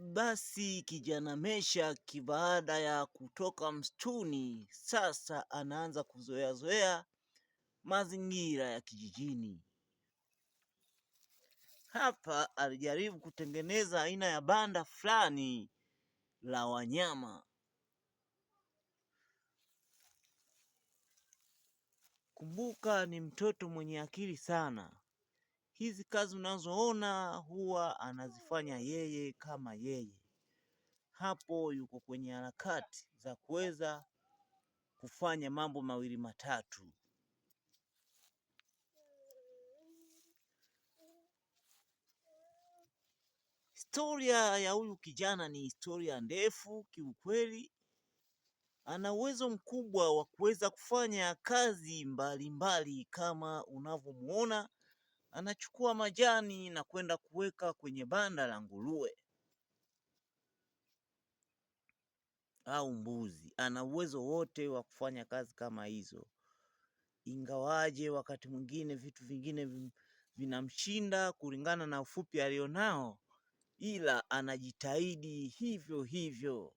Basi kijana Meshack baada ya kutoka msituni, sasa anaanza kuzoeazoea mazingira ya kijijini. Hapa alijaribu kutengeneza aina ya banda fulani la wanyama. Kumbuka ni mtoto mwenye akili sana hizi kazi unazoona huwa anazifanya yeye kama yeye. Hapo yuko kwenye harakati za kuweza kufanya mambo mawili matatu. Historia ya huyu kijana ni historia ndefu kiukweli. Ana uwezo mkubwa wa kuweza kufanya kazi mbalimbali mbali, kama unavyomwona anachukua majani na kwenda kuweka kwenye banda la nguruwe au mbuzi. Ana uwezo wote wa kufanya kazi kama hizo, ingawaje wakati mwingine vitu vingine vinamshinda kulingana na ufupi alionao, ila anajitahidi hivyo hivyo.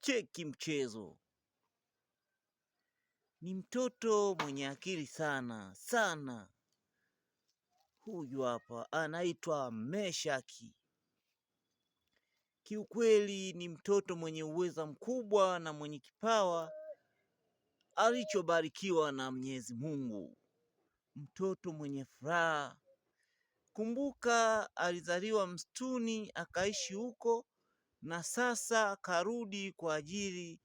Cheki mchezo ni mtoto mwenye akili sana sana. Huyu hapa anaitwa Meshaki. Kiukweli ni mtoto mwenye uweza mkubwa na mwenye kipawa alichobarikiwa na Mwenyezi Mungu, mtoto mwenye furaha. Kumbuka alizaliwa msituni akaishi huko, na sasa karudi kwa ajili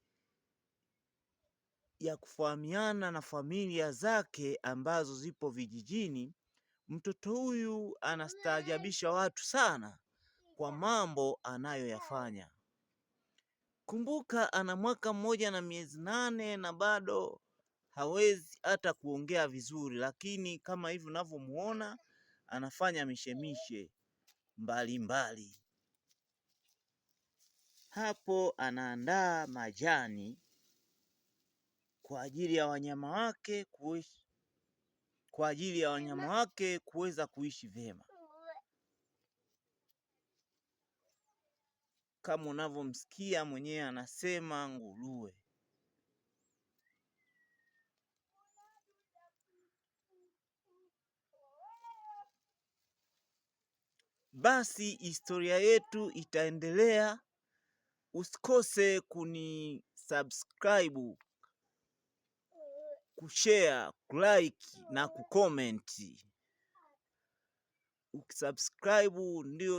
ya kufahamiana na familia zake ambazo zipo vijijini. Mtoto huyu anastaajabisha watu sana kwa mambo anayoyafanya. Kumbuka ana mwaka mmoja na miezi nane na bado hawezi hata kuongea vizuri, lakini kama hivi unavyomuona anafanya mishemishe mbalimbali. Hapo anaandaa majani kwa ajili ya wanyama wake kuishi kwa ajili ya wanyama wake kuweza kuishi vyema. Kama unavyomsikia mwenyewe anasema nguruwe. Basi historia yetu itaendelea. Usikose kuni subscribe kushare, kulike na kukomenti. Ukisubscribe ndio